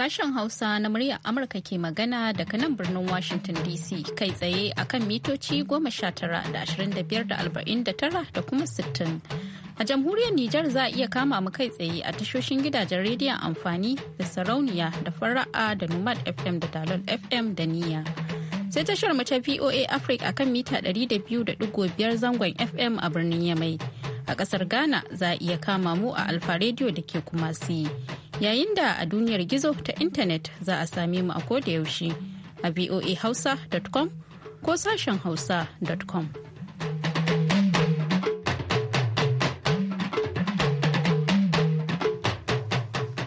Sashen Hausa na murya Amurka ke magana daga nan birnin Washington DC kai tsaye akan mitoci 19 da 25 da 49 da kuma 60. A jamhuriyar Nijar za a iya kama mu kai tsaye a tashoshin gidajen rediyon amfani da sarauniya da fara'a da Numad FM da Dalol FM da niya sai tashar mace VOA Africa akan mita 200.5 zangon FM a birnin Yamai a ƙasar Ghana za a iya kama mu a Alfa Radio da ke Kumasi. Yayin da a duniyar gizo ta intanet za a same mu a koda yaushe a voahausa.com ko sashen hausa.com.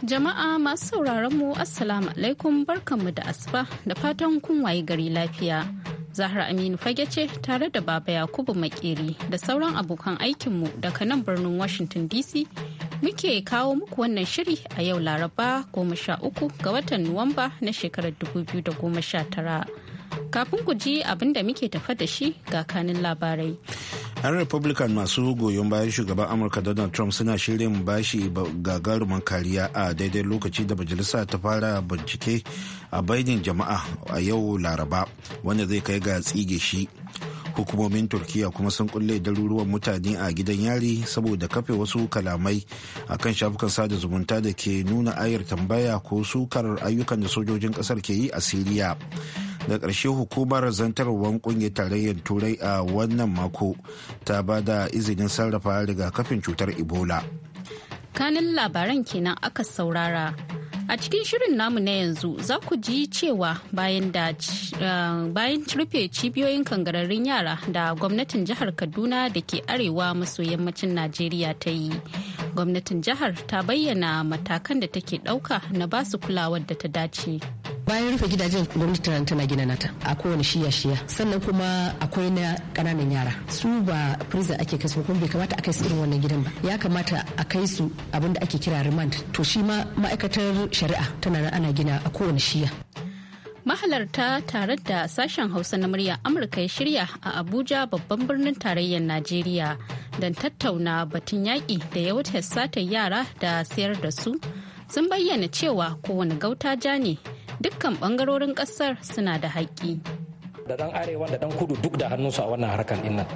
Jama'a masu sauraron mu Assalamu alaikum barkanmu da asuba da fatan kun waye gari lafiya. Zahra Aminu fage ce tare da Baba Yakubu Makeri da sauran abokan aikinmu daga nan birnin Washington DC muke kawo muku wannan shiri a yau Laraba goma sha uku ga watan Nuwamba na shekarar 2019. Kafin ku ji abin da muke tafa da shi ga kanin labarai. 'yan republican masu goyon bayan shugaban amurka donald trump suna shirin bashi gagarumin kariya a daidai lokaci da majalisa ta fara bincike a bainin jama'a a yau laraba wanda zai kai ga tsige shi hukumomin turkiya kuma sun kulle daruruwan mutane a gidan yari saboda kafe wasu kalamai a kan shafukan sada zumunta da ke nuna ayar tambaya ko sukar ayyukan da sojojin kasar ke yi a siriya da ƙarshe hukumar zantarwar kungiyar tarayyar turai a wannan mako ta ba da izinin sarrafa rigakafin cutar ebola kanin labaran kenan aka saurara a cikin shirin namu na yanzu za ku ji cewa bayan eh, rufe cibiyoyin kangararrun yara da gwamnatin jihar kaduna da ke arewa maso yammacin najeriya ta yi gwamnatin jihar ta bayyana matakan da take dauka na basu kulawar da ta dace. bayan rufe gidajen gwamnati tana gina nata a kowane shiya shiya sannan kuma akwai na kananan yara su ba prison ake kai su kuma bai kamata a kai su irin wannan gidan ba ya kamata a kai su abin da ake kira remand to shi ma ma'aikatar shari'a tana nan ana gina a kowane shiya mahalarta tare da sashen hausa na murya amurka ya shirya a abuja babban birnin tarayyar najeriya don tattauna batun yaƙi da ya wuce satar yara da sayar da su sun bayyana cewa kowane gauta ja ne dukkan bangarorin kasar suna da haƙƙi. da dan arewa da dan kudu duk da hannunsu a wannan harkar dinnan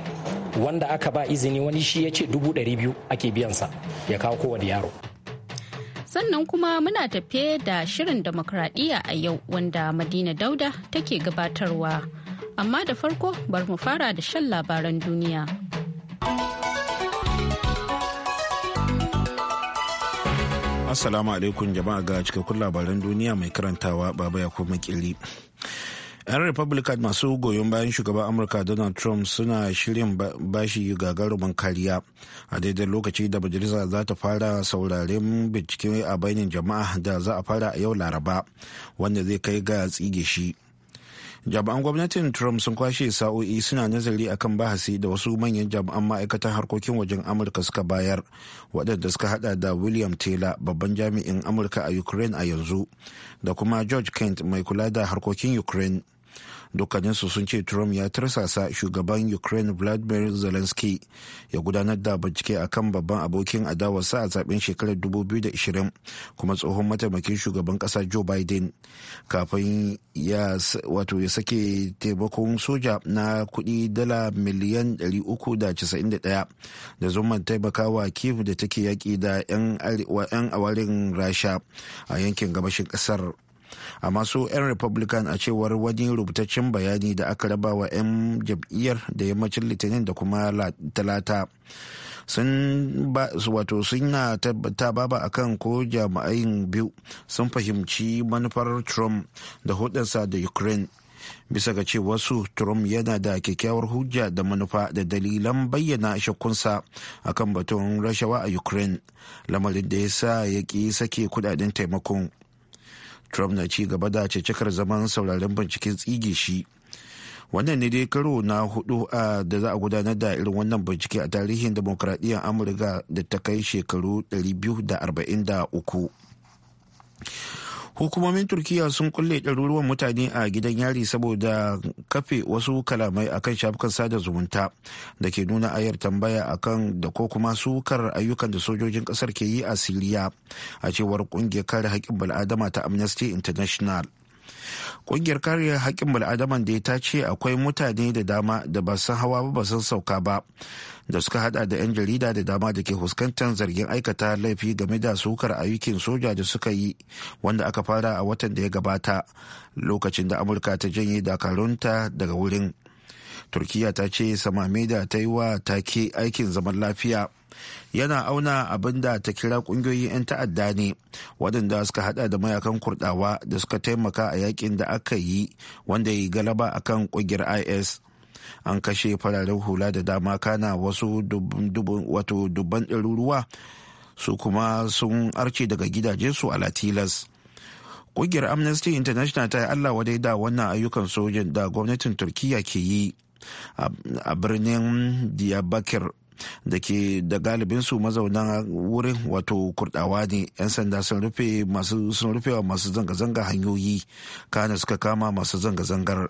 wanda aka ba izini wani shi ya ce dubu ɗari biyu ake biyansa ya kawo kowane yaro sannan kuma muna tafe da shirin demokradiyya a yau wanda madina dauda take gabatarwa amma da farko bar mu fara da shan labaran duniya. Assalamu alaikum jama'a ga cikakkun labaran duniya mai karantawa baba ya kuma kili. 'Yan Republican masu goyon bayan shugaban Amurka Donald Trump suna shirin bashi gagarumin kariya a daidai lokaci da majalisa za ta fara sauraren bincike a bainin jama'a da za a fara a yau Laraba wanda zai kai ga tsige shi. jami'an gwamnatin trump sun kwashe sa'o'i suna nazari akan bahasi da wasu manyan jami'an ma'aikatan harkokin wajen amurka suka bayar waɗanda suka hada da william taylor babban jami'in amurka a ukraine a yanzu da kuma george kent mai kula da harkokin ukraine dukkaninsu sun ce trump ya tursasa shugaban ukraine vladimir zelensky ya gudanar da bincike kan babban abokin adawarsa a zaben shekarar 2020 kuma tsohon mataimakin shugaban kasa joe biden kafin ya wato ya sake taimakon soja na kudi dala miliyan 391 da zuman taimakawa kif da take yaki da 'yan awarin rasha a yankin gabashin kasar amma su 'yan republican a cewar wani rubutaccen bayani da aka raba wa 'yan jam'iyyar da yammacin litinin da kuma talata sun wato suna tabbata baba akan ko jami'ai biyu sun fahimci manufar trump da hudunsa da ukraine bisa ga ce wasu trump yana da kyakkyawar hujja da manufa da dalilan bayyana shakkunsa akan batun rashawa a ukraine lamarin da ya sa ya ki sake kudaden taimakon trump na ci gaba da cikar zaman sauraren binciken tsige shi wannan ne dai karo na hudu a da za a gudanar da irin wannan bincike a tarihin demokradiyyar amurka da ta kai shekaru 243 hukumomin turkiya sun kulle ɗaruruwan mutane a gidan yari saboda kafe wasu kalamai akan shafukan sada zumunta da ke nuna ayar tambaya akan da ko kuma sukar ayyukan da sojojin ƙasar ke yi a siriya a cewar ƙungiyar kare haƙƙin bal'adama ta amnesty international Ƙungiyar kariyar haƙƙin bal'adaman da ta ce akwai mutane da dama da ba san hawa ba ba san sauka ba da suka hada da 'yan jarida da dama da ke fuskantar zargin aikata laifi game da sukar ayyukin soja da suka yi wanda aka fara a watan da ya gabata lokacin da amurka ta janye dakarunta daga wurin turkiya ta ce samame da ta yi wa take aikin zaman lafiya yana auna abinda ta kira kungiyoyin 'yan ta'adda ne waɗanda suka hada da mayakan kurdawa da suka taimaka a yakin da aka yi wanda ya yi galaba akan kungiyar is an kashe fararen hula da dama kana wasu dubban ɗaruruwa su kuma sun arce daga gidaje su a latilas ƙungiyar amnesty international ta yi allah wadai da wannan ayyukan sojin da gwamnatin turkiya ke yi a birnin diyabakir da ke da galibin su mazauna wurin wato kurdawa ne 'yan sanda sun rufe masu sun rufewa masu zanga-zanga hanyoyi kana suka kama masu zanga-zangar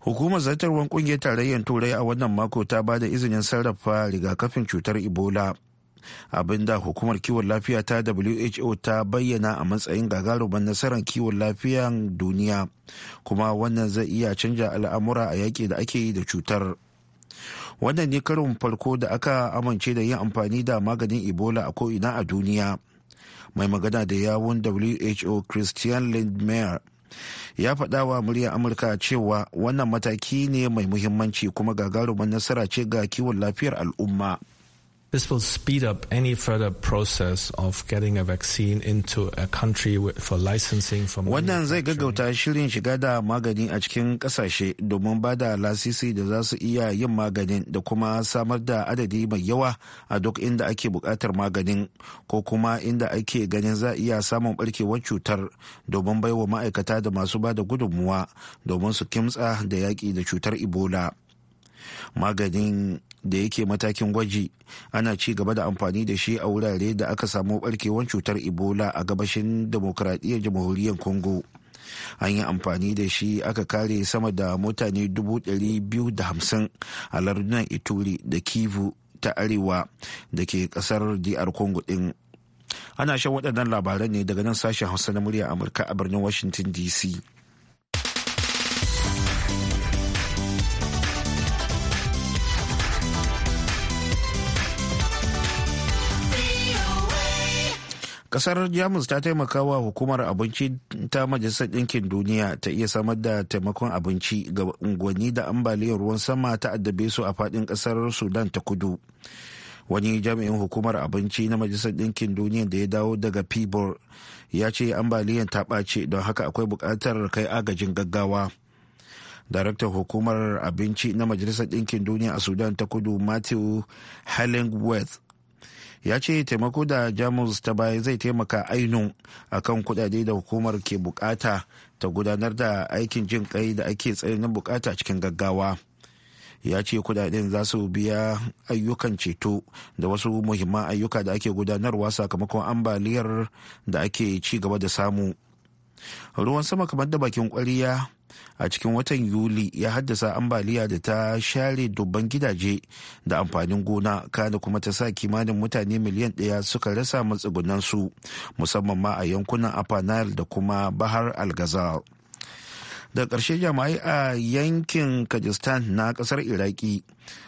hukumar zartarwar kungiyar tarayyar turai a wannan mako ta ba da izinin sarrafa rigakafin cutar ebola abinda hukumar kiwon lafiya ta who ta bayyana a matsayin gagarumar nasarar kiwon lafiyan duniya kuma wannan zai iya canja al'amura a yaƙi da ake yi da cutar wannan ne karin farko da aka amince da yin amfani da maganin ebola a ko'ina a duniya mai magana da yawun who christian lindmeyer ya faɗa wa muryar amurka cewa wannan mataki ne mai muhimmanci kuma gagarumin nasara ce ga kiwon lafiyar al'umma. This will speed up any further process of getting a vaccine into a country for licensing for Wannan zai gaggauta shirin shiga da magani a cikin kasashe domin ba da lasisi da za su iya yin maganin da kuma samar da adadi mai yawa a duk inda ake bukatar maganin ko kuma inda ake ganin za iya samun barkewar cutar domin baiwa ma'aikata da masu ba da gudunmuwa domin su kimtsa da yaƙi da cutar Ebola. maganin da yake matakin gwaji ana ci gaba da amfani da shi a wurare da aka samu barkewar cutar ebola a gabashin demokradiyyar jamhuriyar congo an yi amfani da shi aka kare sama da mutane hamsin a lardunan ituri da kivu ta arewa da ke kasar dr congo din ana shan waɗannan labaran ne daga nan sashen hausa na murya amurka a birnin washington dc kasar jamus ta taimaka wa hukumar abinci ta majalisar ɗinkin duniya ta iya samar da taimakon abinci ga unguwanni da ambaliyar ruwan sama ta addabe su a faɗin ƙasar sudan ta kudu wani jami'in hukumar abinci na majalisar ɗinkin duniya da ya dawo daga pibor ya ce ambaliyar ta ɓace don haka akwai buƙatar kai agajin gaggawa daraktan hukumar abinci na majalisar ɗinkin duniya a sudan ta kudu matthew hellingworth ya ce taimako da jamus ta baya zai taimaka a kan kudade da hukumar ke bukata ta gudanar da aikin jin kai da ake tsananin bukata cikin gaggawa ya ce kudaden za su biya ayyukan ceto da wasu muhimman ayyuka da ake gudanarwa sakamakon ambaliyar da ake ci gaba da samu ruwan sama kamar da bakin kwariya a cikin watan yuli ya haddasa ambaliya da ta share dubban gidaje da amfanin gona kada kuma ta sa kimanin mutane miliyan ɗaya suka rasa su musamman ma a yankunan apanal da kuma bahar algazar da ƙarshe jama'ai a yankin kajistan na ƙasar iraki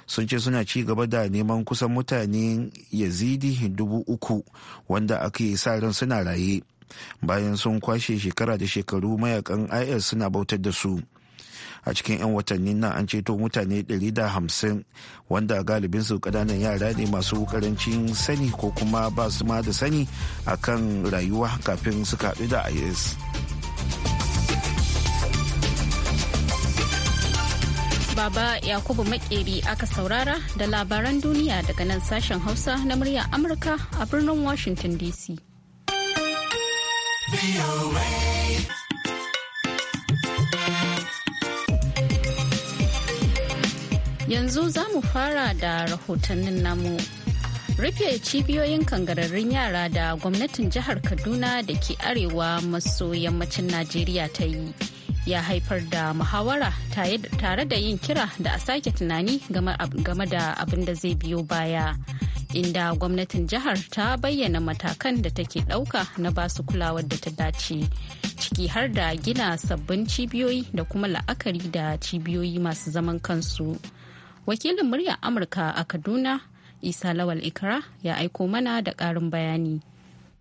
sun ce suna ci gaba da neman kusan mutane yazidi dubu uku wanda ake sa ran suna raye bayan sun kwashe shekara da shekaru mayakan is suna bautar da su a cikin 'yan watanni nan an ceto mutane 150 wanda galibin su kananan yara ne masu karancin sani ko kuma ba su ma da sani a kan rayuwa kafin su haɗu da is Baba Yakubu Makeri aka saurara da labaran duniya daga nan sashen Hausa na murya Amurka a birnin Washington DC. Yanzu za mu fara da rahotannin namu. Rufe cibiyoyin kangararrun yara da gwamnatin jihar Kaduna da ke arewa maso yammacin Najeriya ta yi. ya haifar da muhawara tare da yin kira da a sake tunani game da abin da zai biyo baya inda gwamnatin jihar ta bayyana matakan da take ɗauka na basu kulawar da ta dace ciki har da gina sabbin cibiyoyi da kuma la'akari da cibiyoyi masu zaman kansu wakilin murya amurka a kaduna isa lawal ikara ya aiko mana da ƙarin bayani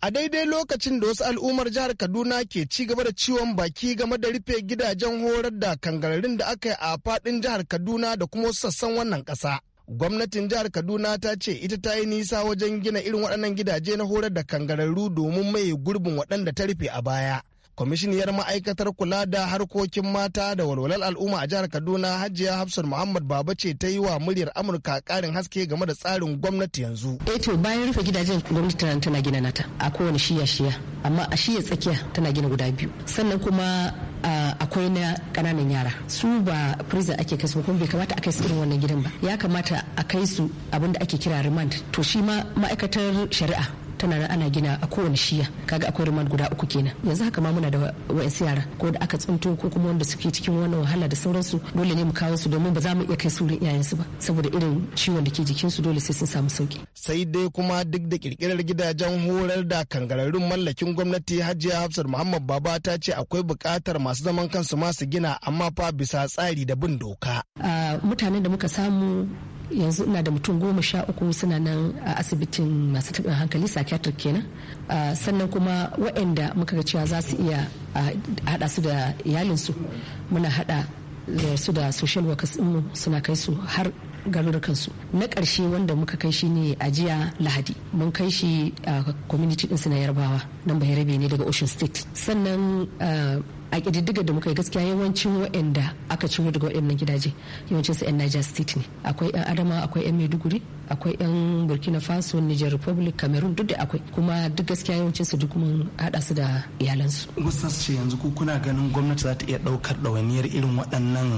a daidai lokacin da wasu al'ummar jihar kaduna ke ci gaba da ciwon baki game da rufe gidajen horar da kangararin da aka yi a fadin jihar kaduna da kuma wasu sassan wannan kasa gwamnatin jihar kaduna ta ce ita ta yi nisa wajen gina irin waɗannan gidaje na horar da kangararru domin mai gurbin waɗanda ta rufe a baya kwamishiniyar ma'aikatar kula da harkokin mata da walwalar al'umma a jihar kaduna hajiya hafsat muhammad baba ce ta yi wa muryar amurka karin haske game da tsarin gwamnati yanzu eh to bayan rufe gidajen gwamnati tana gina nata a kowane shiya shiya amma a shiya tsakiya tana gina guda biyu sannan kuma akwai na kananan yara su ba prison ake kai su kuma bai kamata a kai su irin wannan gidan ba ya kamata a kai su abinda ake kira remand to shi ma ma'aikatar shari'a tana nan ana gina a kowane shiya kaga akwai ruman guda uku kenan yanzu haka ma muna da wa'ansu yara ko da aka tsinto ko kuma wanda suke cikin wannan wahala da sauransu dole ne mu kawo su domin ba za mu iya kai su wurin iyayensu ba saboda irin ciwon da ke jikinsu dole sai sun samu sauki sai dai kuma duk da kirkirar gidajen horar da kangararrun mallakin gwamnati hajiya hafsar muhammad baba ta ce akwai buƙatar masu zaman kansu masu gina amma fa bisa tsari da bin doka mutanen da muka samu yanzu ina da mutum goma sha uku suna nan a asibitin masu taɓin hankali psychiatric kenan ah, sannan kuma waɗanda muka ga cewa za su iya ah, haɗa su da iyalinsu muna haɗa su da social workers mu suna kai su har garurukansu na ƙarshe wanda muka kai shi ne a jiya lahadi mun kai shi a ah, community ɗinsu na yarbawa nan bayarabe ne daga ocean state sannan a ƙididdigar da muka yi gaskiya yawancin wa'anda aka ciro daga wa'annan gidaje yawancin su 'yan Niger State ne akwai 'yan Adama akwai 'yan Maiduguri akwai yan burkina faso niger republic cameroon duk da akwai kuma duk gaskiya yawancin su duk mun hada su da iyalansu ce yanzu ku kuna ganin gwamnati za ta iya daukar ɗawainiyar irin waɗannan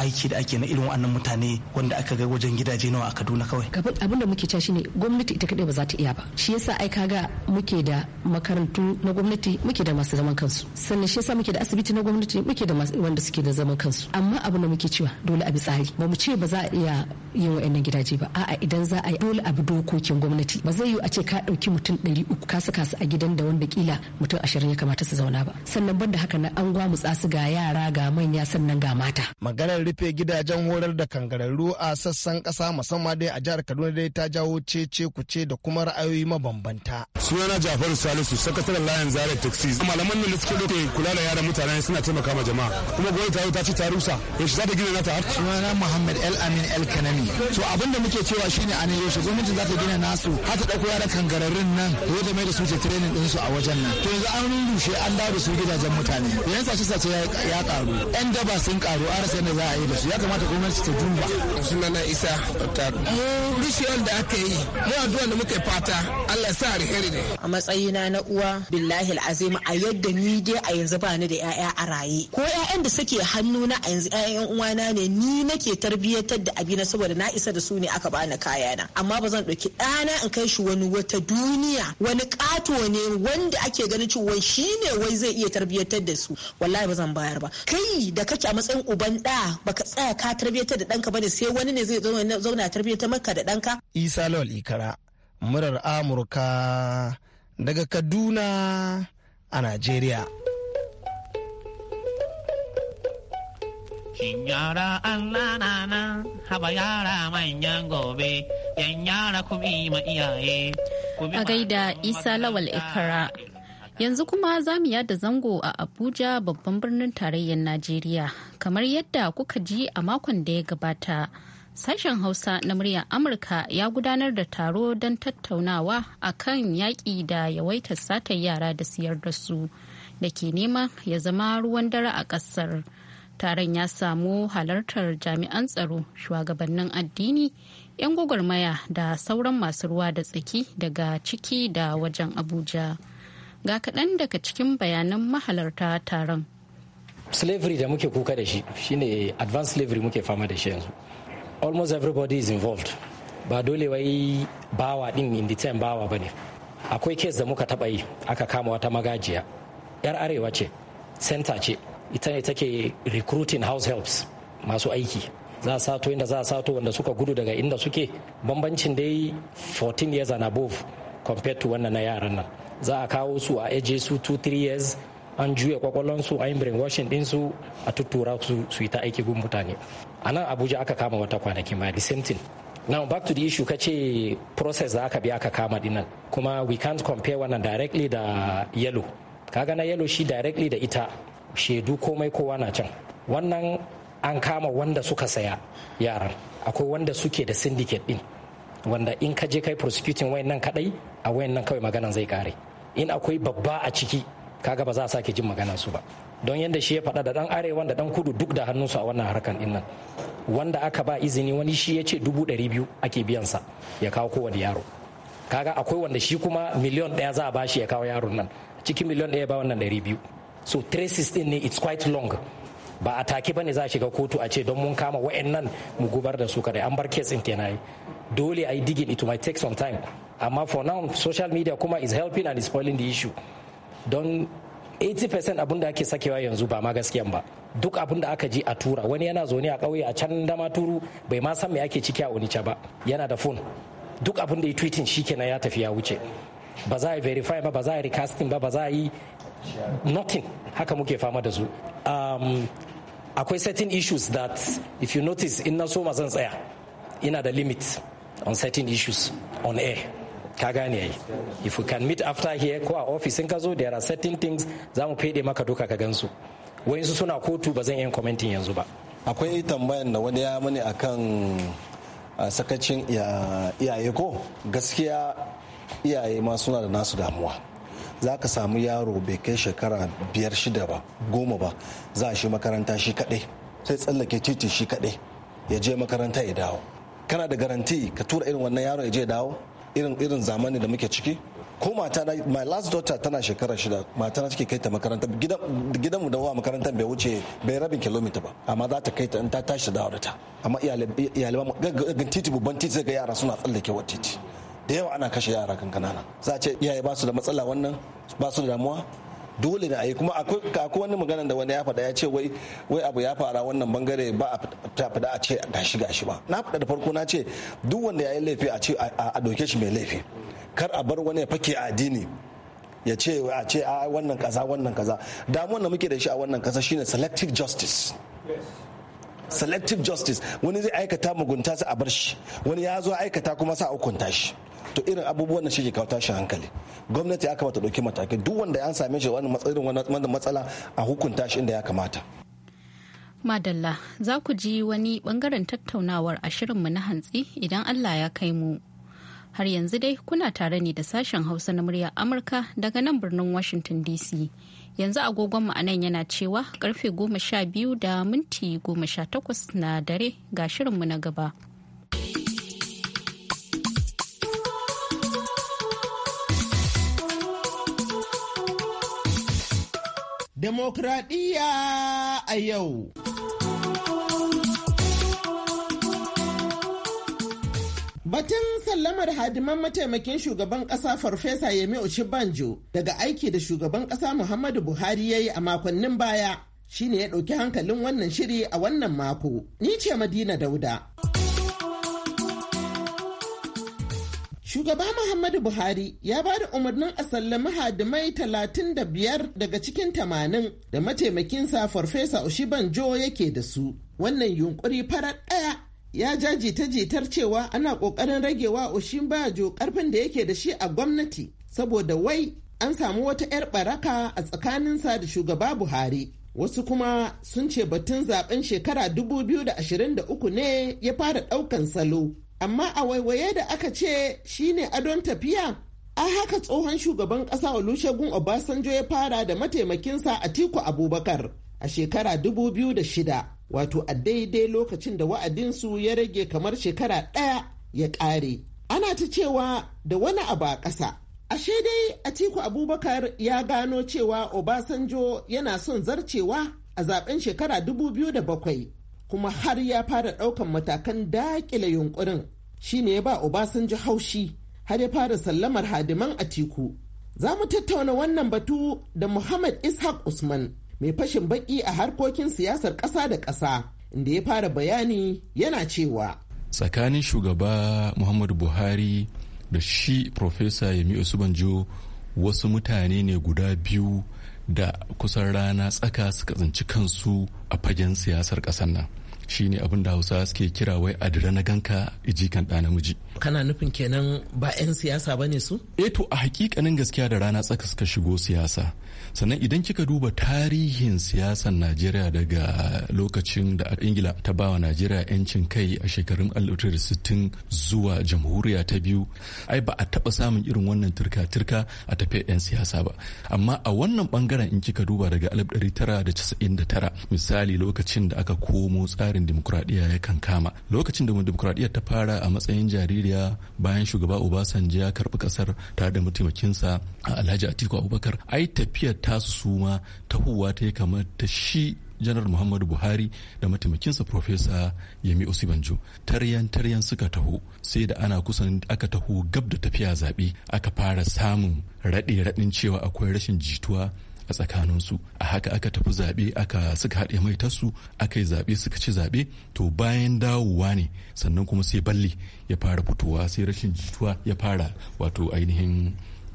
aiki da ake na irin waɗannan mutane wanda aka ga wajen gidaje nawa a kaduna kawai abin da muke cewa shine gwamnati ita kadai ba za ta iya ba shi yasa ai kaga muke da makarantu na gwamnati muke da masu zaman kansu sannan shi yasa muke da asibiti na gwamnati muke da wanda suke da zaman kansu amma abin da muke cewa dole a bi tsari ba mu ce ba za a iya yin waɗannan gidaje ba a'a idan idan za a yi dole abu dokokin gwamnati ba zai yiwu a ce ka ɗauki mutum ɗari uku ka saka su a gidan da wanda kila mutum ashirin ya kamata su zauna ba sannan ban da haka na an gwamu su ga yara ga manya sannan ga mata. maganar rufe gidajen horar da kangararru a sassan kasa musamman dai a jihar kaduna dai ta jawo cece kuce da kuma ra'ayoyi mabambanta. sunana jafaru salisu sakataren layin zare taxi malaman nan da suke doke kula da yaran mutane suna taimaka ma jama'a kuma gwamnati ta yi ta rusa yaushe za ta gina nata. sunana muhammad el amin el kanani to abin da muke cewa shi ne a nan yaushe gwamnati za ta gina nasu har ta dauko yaran kangararrun nan ko ta mai da su training training su a wajen nan to yanzu an rushe an dawo da su gidajen mutane yan sace sace ya karu yan daba sun karu an rasa ne za a yi da su ya kamata gwamnati ta duba sunana isa mu rushewar da aka yi mu addu'a da muke fata Allah sa alheri ne a matsayi na na uwa billahi alazim a yadda ni dai a yanzu ba ni da yaya a raye ko ƴaƴan da suke hannu na a yanzu ƴaƴan uwana ne ni nake tarbiyyatar da abina saboda na isa da su ne aka bani kaya kayana amma ba zan ɗauki ɗana in kai shi wani wata duniya wani ƙato ne wanda ake ganin cewa shi ne wai zai iya tarbiyyantar da su wallahi ba zan bayar ba kai da kake a matsayin uban ɗa baka tsaya ka tarbiyyantar da ɗanka ba ne sai wani ne zai zauna tarbiyyantar maka da ɗanka. isa lawal ikara murar amurka daga kaduna a najeriya. Shin Allah na nan haba yara manyan gobe, yan yara yi ma iyaye. A gaida Isa Lawal Ikara. Yanzu kuma za mu yada zango a Abuja babban birnin tarayyar Najeriya. Kamar yadda kuka ji a makon da ya gabata, sashen Hausa na muryar Amurka ya gudanar da taro don tattaunawa a kan yaƙi da yawaitar satar yara da siyar da su da ke nema ya zama ruwan dare a ƙasar. taron ya samu halartar jami'an tsaro shugabannin addini 'yan gwagwarmaya da sauran masu ruwa da tsaki daga ciki da wajen abuja ga kaɗan daga cikin bayanan mahalarta taron slavery da muke kuka da shi shine advanced slavery muke fama da shi yanzu almost everybody is involved ba dole wai bawa din in the time bawa ba ne akwai case da muka taɓa yi aka kama wata magajiya yar arewa ce center ce ita ne take recruiting house helps masu aiki za a sato inda za a sato wanda suka gudu daga inda suke bambancin dai 14 years and above compared to wannan na yaran nan za a kawo su a aje su 2-3 years an juya su an brainwashing ɗinsu a tuttura su su yi ta aiki gun mutane a nan abuja aka kama wata kwanaki ma the same thing now back to the issue kace process da aka bi aka kama dinan kuma we can't compare wannan directly da yellow kaga na yellow shi directly da ita shaidu komai kowa na can wannan an kama wanda suka saya yaran akwai wanda suke da syndicate din wanda in ka je kai prosecuting wayannan kadai a wayannan kawai maganan zai kare in akwai babba a ciki kaga ba za a sake jin magana su ba don yadda shi ya faɗa da dan arewa da dan kudu duk da hannunsu a wannan harkan din nan wanda aka ba izini wani shi ya ce dubu ɗari biyu ake sa ya kawo kowane yaro kaga akwai wanda shi kuma miliyon ɗaya za a bashi ya kawo yaron nan cikin miliyon ɗaya ba wannan ɗari biyu so traces din ne it's quite long ba a take ne za a shiga kotu a ce don mun kama wa'annan mu gubar da su kadai an bar case in kenan dole ai digin it might take some time amma for now social media kuma is helping and is spoiling the issue don 80% abin da ake sakewa yanzu ba ma gaskiyan ba duk abin da aka ji a tura wani yana zaune a kauye a can dama turu bai ma san me ake ciki a onitsha ba yana da phone duk abin da ya shi shikenan ya tafi ya wuce ba za a verify ba ba za a recasting ba ba za a yi nothing haka muke fama da su um, akwai certain issues that if you notice in na so zan tsaya ina da limit on certain issues on air ka gane yayi if we can meet after here ko a office in ka zo there are certain things za mu fede maka doka ka gansu wayansu suna kotu ba zan yin commenting yanzu ba akwai tambayan da wani ya mani akan sakacin iyaye ko gaskiya iyaye ma suna da nasu damuwa za ka samu yaro bai kai shekara biyar shida ba goma ba za a shi makaranta shi kaɗai sai tsallake titi shi kaɗai ya je makaranta ya dawo kana da garanti ka tura irin wannan yaro ya je dawo irin irin zamani da muke ciki ko mata na my last daughter tana shekara shida mata na take kai ta makaranta gidan mu da wa makarantar bai wuce bai rabin kilomita ba amma za ta kai ta in ta tashi dawo da ta amma iyalai ga titi babban titi ga yara suna tsallake wa titi da yawa ana kashe yara kan kanana za a ce iyaye ba su da matsala wannan ba su da damuwa dole da a yi kuma akwai wani magana da wani ya faɗa ya ce wai wai abu ya fara wannan bangare ba a faɗa a ce gashi gashi ba na faɗa da farko na ce duk wanda ya yi laifi a ce a doke shi mai laifi kar a bar wani ya fake addini ya ce a ce a wannan kaza wannan kaza damuwan da muke da shi a wannan kasa shine selective justice selective justice wani zai aikata mugunta sai a bar shi wani ya zo aikata kuma sa a hukunta shi to irin abubuwan da shi ke kawo tashin hankali gwamnati ya kamata ɗauki mataki duk wanda an same shi wani matsalin wani matsala a hukunta shi inda ya kamata madalla za ku ji wani bangaren tattaunawar a shirinmu na hantsi idan allah ya kai mu har yanzu dai kuna tare ne da sashen hausa na murya amurka daga nan birnin washington dc yanzu agogonmu a nan yana cewa karfe goma sha biyu da minti goma sha takwas na dare ga shirinmu na gaba Demokradiyya a yau. Batun sallamar hadiman mataimakin shugaban Ƙasa Farfesa Yemi Banjo, daga aiki da shugaban Ƙasa Muhammadu Buhari ya yi a makonnin baya shine ya ɗauki hankalin wannan shiri a wannan mako. Ni ce Madina Dauda. Shugaba Muhammadu Buhari ya ba da umarnin a sallami hadimai talatin da biyar daga cikin tamanin da mataimakinsa Farfesa Oshibanjo yake da su. Wannan yunkuri farar ɗaya ya ja jita-jitar cewa ana ƙoƙarin ragewa Oshibanjo ƙarfin da yake da shi a gwamnati saboda wai an samu wata 'yar baraka a tsakaninsa da shugaba Buhari. Wasu kuma sun ce batun zaben shekara 2023 ne ya fara ɗaukan salo. amma a waiwaye da aka ce shine adon tafiya a haka tsohon shugaban ƙasa olusegun obasanjo ya fara da mataimakinsa atiku abubakar a shekara 2006 wato a daidai lokacin da wa'adinsu ya rage kamar shekara ɗaya ya ƙare ana ta cewa da wani abu a ƙasa ashe dai atiku abubakar ya gano cewa obasanjo yana son zarcewa a zaben shekara 2007 kuma har ya fara ɗaukan matakan daƙile yunkurin shine ya ba Obasanjo haushi har ya fara sallamar hadiman a tiku. Za mu tattauna wannan batu da Muhammad Ishaq Usman mai fashin baƙi a harkokin siyasar ƙasa da ƙasa inda ya fara bayani yana cewa. Tsakanin shugaba Muhammadu Buhari da shi Profesa Yemi Osubanjo wasu mutane ne guda biyu da kusan rana tsaka suka tsinci kansu a fagen siyasar ƙasar nan shi ne abin da hausa suke kira wai adira na ganka ijikan ɗa namiji kana nufin kenan ba 'yan siyasa ba ne su eto eh a hakikanin gaskiya da rana tsaka suka shigo siyasa sannan idan kika duba tarihin siyasar najeriya daga lokacin da ingila ta bawa najeriya 'yancin kai a shekarun 1960 zuwa jamhuriya ta biyu ai ba a taba samun irin wannan turka-turka a tafiyar 'yan siyasa ba amma a wannan bangaren in kika duba daga da tara misali lokacin da aka komo tsarin dimokuraɗiyya ya kan kama lokacin da dimokuraɗiyya ta fara a matsayin jaririya bayan shugaba obasanjo ya karɓi ƙasar tare da mataimakinsa alhaji atiku abubakar ai tafiyar tasu suma tahowa ta yi kamar ta shi janar muhammadu buhari da mataimakinsa profesa yemi osibanjo taryan taryan suka taho sai da ana kusan aka taho gab da tafiya zaɓe aka fara samun raɗe raɗin cewa akwai rashin jituwa a tsakaninsu a haka aka tafi zaɓe aka suka haɗe mai tasu aka yi zaɓe suka ci zaɓe to bayan dawowa ne sannan kuma sai balli ya fara fitowa sai rashin jituwa ya fara wato ainihin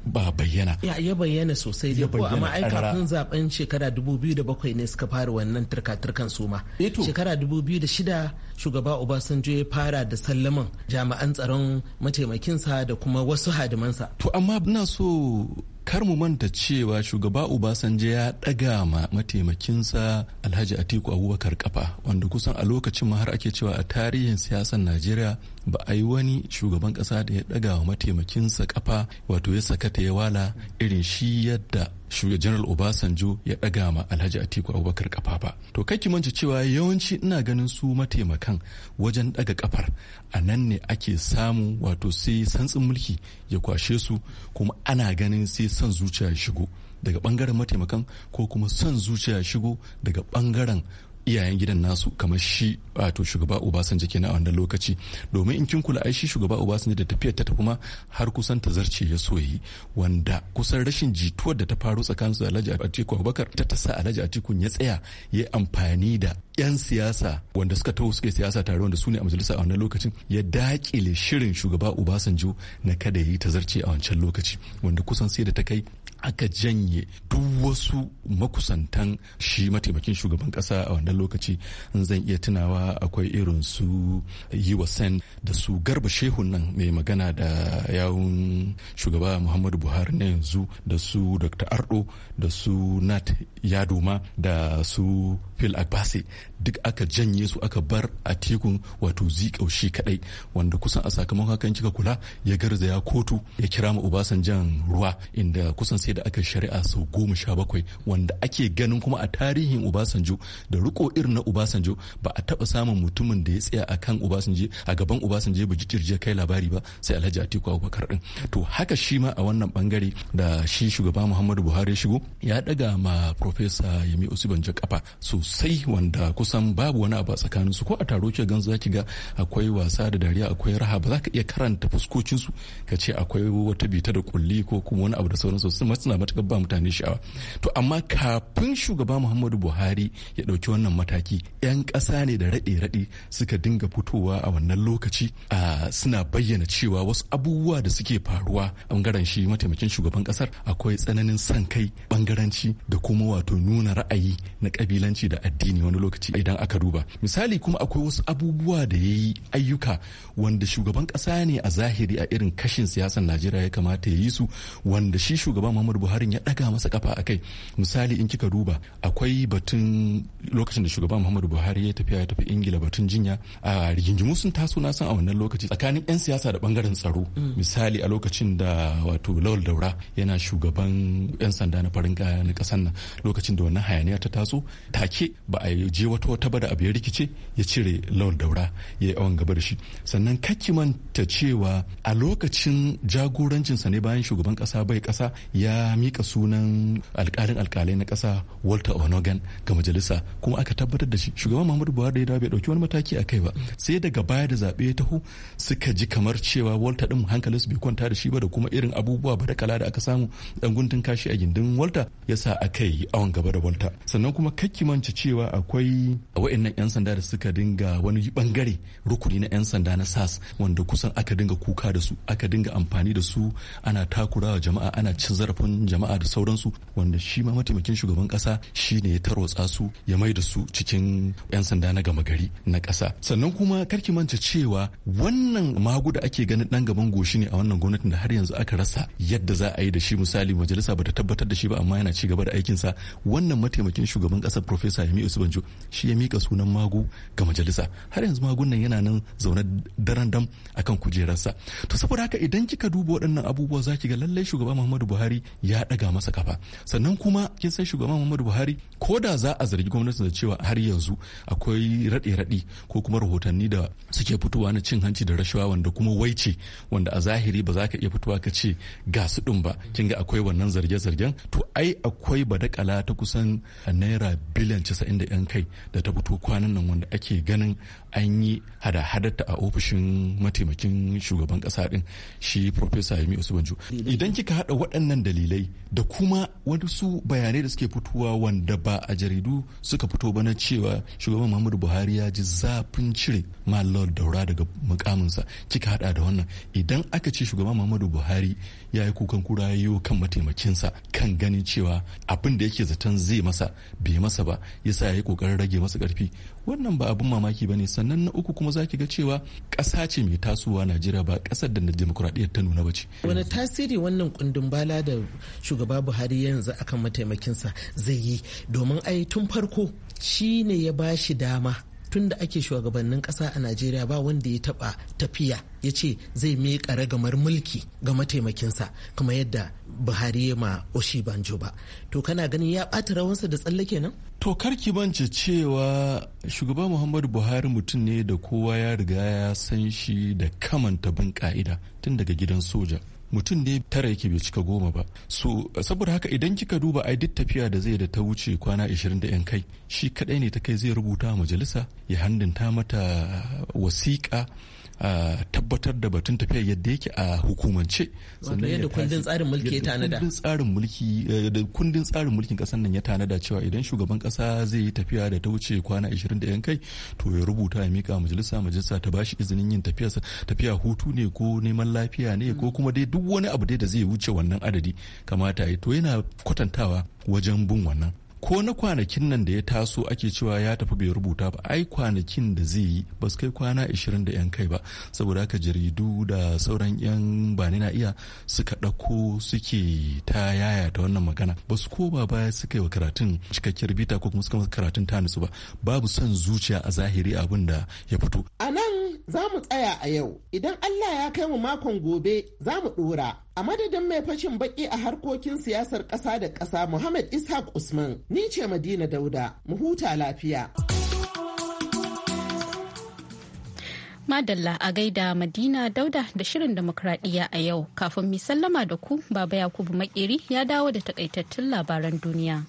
ba bayyana ya bayyana sosai dai ko amma ai kafin zaben shekara 2007 ne suka fara wannan turka-turkan su ma eh shekara 2006 shugaba Obasanjo ya fara da sallaman jami'an tsaron mataimakinsa da kuma wasu hadimansa to amma na so kar mu manta cewa shugaba obasanjo ya ɗaga ma mataimakinsa alhaji atiku abubakar kafa wanda kusan a lokacin ma har ake cewa a tarihin siyasar najeriya ba a yi wani shugaban kasa da ya daga wa mataimakinsa kafa wato ya sakata ya wala irin shi yadda shugaban general obasanjo ya daga ma alhaji atiku abubakar kafa ba to kai ki manci cewa yawanci ina ganin su mataimakan wajen daga kafar a nan ne ake samu wato sai santsin mulki ya kwashe su kuma ana ganin sai son zuciya shigo daga bangaren mataimakan ko kuma son zuciya shigo daga bangaren iyayen gidan nasu kamar shi wato shugaba obasanjo kenan a wannan lokaci domin in kin kula ai shi shugaba obasanjo da tafiyar ta tafi ma har kusan ta zarce ya soyi wanda kusan rashin jituwar da ta faru tsakanin su alhaji atiku abubakar ta ta sa alhaji atiku ya tsaya ya amfani da yan siyasa wanda suka taho suke siyasa tare wanda su ne a majalisa a wannan lokacin ya dakile shirin shugaba obasanjo na kada ya yi ta zarce a wancan lokaci wanda kusan sai da ta kai aka janye duk wasu makusantan shi mataimakin shugaban kasa a wannan wannan lokaci zan iya tunawa akwai irin su yi sen da su garba shehun nan mai magana da yawun shugaba muhammadu buhari na yanzu da su dr ardo da su nat yadoma da su Fil agbase duk aka janye su aka bar a tekun wato zi kaushe kadai wanda kusan a sakamakon hakan kika kula ya garzaya kotu ya kira ma obasanjan ruwa inda kusan sai da aka shari'a sau goma sha bakwai wanda ake ganin kuma a tarihin obasanjo da riko irin na obasanjo ba a taba samun mutumin da ya tsaya a kan a gaban ubasanje ba ji kirje kai labari ba sai alhaji atiku abubakar din to haka shi ma a wannan bangare da shi shugaba muhammadu buhari ya shigo ya daga ma profesa yemi osibanjo kafa sosai wanda kusan san babu wani abu a tsakanin su ko a taro ke gan ki ga akwai wasa da dariya akwai raha ba za ka iya karanta fuskocin su ka ce akwai wata bita da kulli ko kuma wani abu da sauran su sun suna ba mutane sha'awa to amma kafin shugaba Muhammadu Buhari ya ɗauki wannan mataki yan ƙasa ne da raɗe-raɗe suka dinga fitowa a wannan lokaci suna bayyana cewa wasu abubuwa da suke faruwa a bangaren shi mataimakin shugaban ƙasar akwai tsananin san kai bangaranci da kuma wato nuna ra'ayi na kabilanci da addini wani lokaci idan aka duba misali kuma akwai wasu abubuwa da ya yi ayyuka wanda shugaban ƙasa ne a zahiri a irin kashin siyasan najeriya ya kamata ya yi su wanda shi shugaban muhammadu buhari ya daga masa kafa a kai misali in kika duba akwai batun lokacin da shugaban muhammadu buhari ya tafiya ya tafi ingila batun jinya a rigingimu sun taso na san a wannan lokaci tsakanin yan siyasa da bangaren tsaro mm. misali a lokacin da wato lawal daura yana shugaban yan sanda na farin na kasan nan lokacin da wannan hayaniya ta taso take ba a je wata fitowa ta bada abu ya rikice ya cire lawan daura ya yi awon gaba da shi sannan kakimanta cewa a lokacin jagorancinsa ne bayan shugaban kasa bai kasa ya mika sunan alkalin alkalai na kasa walter onogan ga majalisa kuma aka tabbatar da shi shugaban muhammadu buhari ya bai dauki wani mataki a kai ba sai daga baya da zaɓe ya taho suka ji kamar cewa walter din su bai kwanta da shi ba da kuma irin abubuwa ba da kala da aka samu dan guntun kashi a gindin walter ya sa aka yi awon gaba da walter sannan kuma kakkimanci cewa akwai gani wa'annan 'yan sanda da suka dinga wani bangare rukuni na 'yan sanda na sas wanda kusan aka dinga kuka da su aka dinga amfani da su ana takurawa jama'a ana cin zarafin jama'a da sauransu wanda shi ma mataimakin shugaban kasa shi ne ya tarwatsa su ya mai da su cikin 'yan sanda na gama gari na kasa sannan kuma karki manta cewa wannan magu da ake ganin dan gaban goshi ne a wannan gwamnatin da har yanzu aka rasa yadda za a yi da shi misali majalisa bata tabbatar da shi ba amma yana ci gaba da aikinsa wannan mataimakin shugaban kasa profesa yami usubanjo shi shi ya mika sunan magu ga majalisa har yanzu magun nan yana nan zaune daren dam akan kujerarsa to saboda haka idan kika duba waɗannan abubuwa za ki ga lallai shugaba muhammadu buhari ya ɗaga masa kafa sannan kuma kin san shugaba muhammadu buhari ko da za a zargi gwamnati da cewa har yanzu akwai raɗe-raɗe ko kuma rahotanni da suke fitowa na cin hanci da rashawa wanda kuma waice wanda a zahiri ba za ka iya fitowa ka ce ga su ɗin ba kin ga akwai wannan zarge-zargen to ai akwai badakala ta kusan naira biliyan 90 'yan kai da ta fito kwanan nan wanda ake ganin an yi hada-hadarta a ofishin mataimakin shugaban kasa din shi Profesa yami osubanju idan kika hada waɗannan dalilai da kuma wasu bayanai da suke fitowa wanda ba a jaridu suka fito ba na cewa shugaban muhammadu buhari ya ji zafin cire mallon daura daga mukaminsa kika hada da wannan idan aka ce shugaban muhammadu buhari ya yi kukan kura ya kan mataimakinsa kan ganin cewa abin da yake zaton zai masa bai masa ba yasa ya yi kokarin rage masa karfi wannan ba abin mamaki ba ne sannan na uku kuma zaki ga cewa ƙasa ce mai tasowa najeriya ba ƙasar da demokuraɗiyyar ta nuna ba ce wani tasiri wannan kundin bala da shugaba buhari ya yanzu akan mataimakinsa zai yi domin ai tun farko shi ne ya ba shi dama tun da ake shugabannin kasa a najeriya ba wanda ya taba tafiya ya ce zai miƙa ragamar mulki ga mataimakinsa kuma yadda buhari ya ma oshi banjo ba to kana ganin ya ɓata rawansa da tsallake nan. to karki bance cewa shugaba muhammadu buhari mutum ne da kowa ya riga ya san shi da kamanta bin ka'ida tun daga gidan soja mutum ne tara yake bai cika goma ba so saboda haka idan kika duba ai duk tafiya da zai da ta wuce kwana 20 da yan kai shi kadai ne ta kai zai rubuta majalisa ya handanta mata wasiƙa a tabbatar da batun tafiya yadda yake a hukumance sannan yadda kundin tsarin mulki ya tanada kundin tsarin mulki eh, da kundin tsarin mulkin kasar nan ya tanada cewa idan shugaban kasa zai yi tafiya da ta wuce kwana 20 da yan kai to ya rubuta ya mika majalisa majalisa ta bashi izinin yin tafiya tafiya hutu ne ko neman lafiya ne ko kuma dai duk wani abu dai da zai wuce wannan adadi kamata ya to yana kwatantawa wajen bin wannan ko na kwanakin nan da ya taso ake cewa ya tafi bai rubuta ba ai kwanakin da zai yi ba su kai kwana 20 da 'yan kai ba saboda haka jaridu da sauran 'yan bani na iya suka ɗauko suke ta yaya ta wannan magana ba su ko ba baya suka yi wa karatun cikakkiyar bita ko kuma suka masa karatun ta nutsu ba babu son zuciya a zahiri abin da ya fito. a nan za mu tsaya a yau idan allah ya kai mu makon gobe za mu ɗora a madadin mai fashin baki a harkokin siyasar ƙasa da ƙasa muhammad ishaq usman Ni ce Madina Dauda, mu huta lafiya. Madalla a gaida Madina Dauda da Shirin Demokradiyya a yau kafin mi sallama da ku Baba Yakubu maƙeri ya dawo da takaitattun labaran duniya.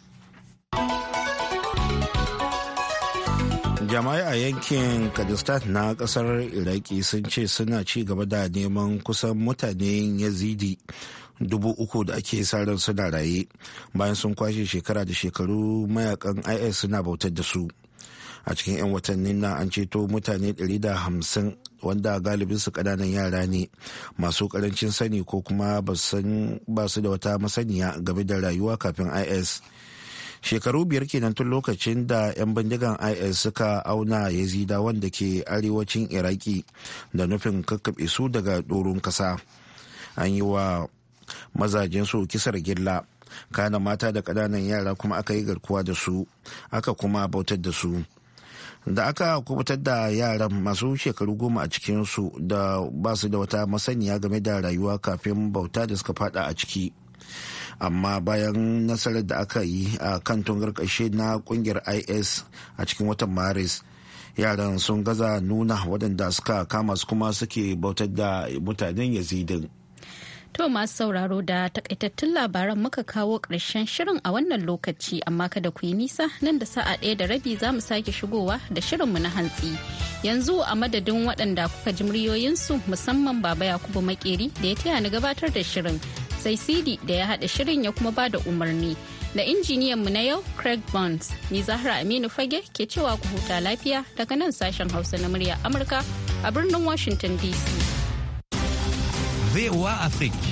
jam'ai a yankin Kadistan na kasar Iraki sun ce suna ci gaba da neman kusan mutane Yazidi dubu uku da ake sa ran suna raye bayan sun kwashe shekara da shekaru mayakan is suna bautar da su a cikin 'yan watanni na an ceto mutane 150 wanda galibin su kananan yara ne masu karancin sani ko kuma ba su da wata masaniya game da rayuwa kafin is shekaru biyar kenan tun lokacin da 'yan bindigan is suka auna yazida wanda ke arewacin iraki da nufin kakkaɓe su daga doron kasa an yi wa mazajen su kisar gilla kana mata da ƙananan yara kuma aka yi garkuwa da su aka kuma bautar da su da aka kubutar da yaran masu shekaru goma a cikinsu da ba su da wata masaniya game da rayuwa kafin bauta da suka fada a ciki amma bayan nasarar da aka yi a kan tungar ƙarshe na kungiyar is a cikin watan maris yaran sun gaza nuna waɗanda suka kama su kuma suke bautar da mutanen yazidin To masu sauraro da takaitattun labaran muka kawo ƙarshen shirin a wannan lokaci amma kada ku yi nisa nan da sa'a ɗaya da rabi za mu sake shigowa da shirinmu na hantsi. Yanzu a madadin waɗanda kuka ji muryoyinsu musamman Baba Yakubu Makeri da ya taya ni gabatar da shirin sai Sidi da ya haɗa shirin ya kuma bada umarni. Da injiniyan mu na yau Craig Burns ni Zahra Aminu Fage ke cewa ku huta lafiya daga nan sashen Hausa na murya Amurka a birnin Washington DC. VOA Afrique.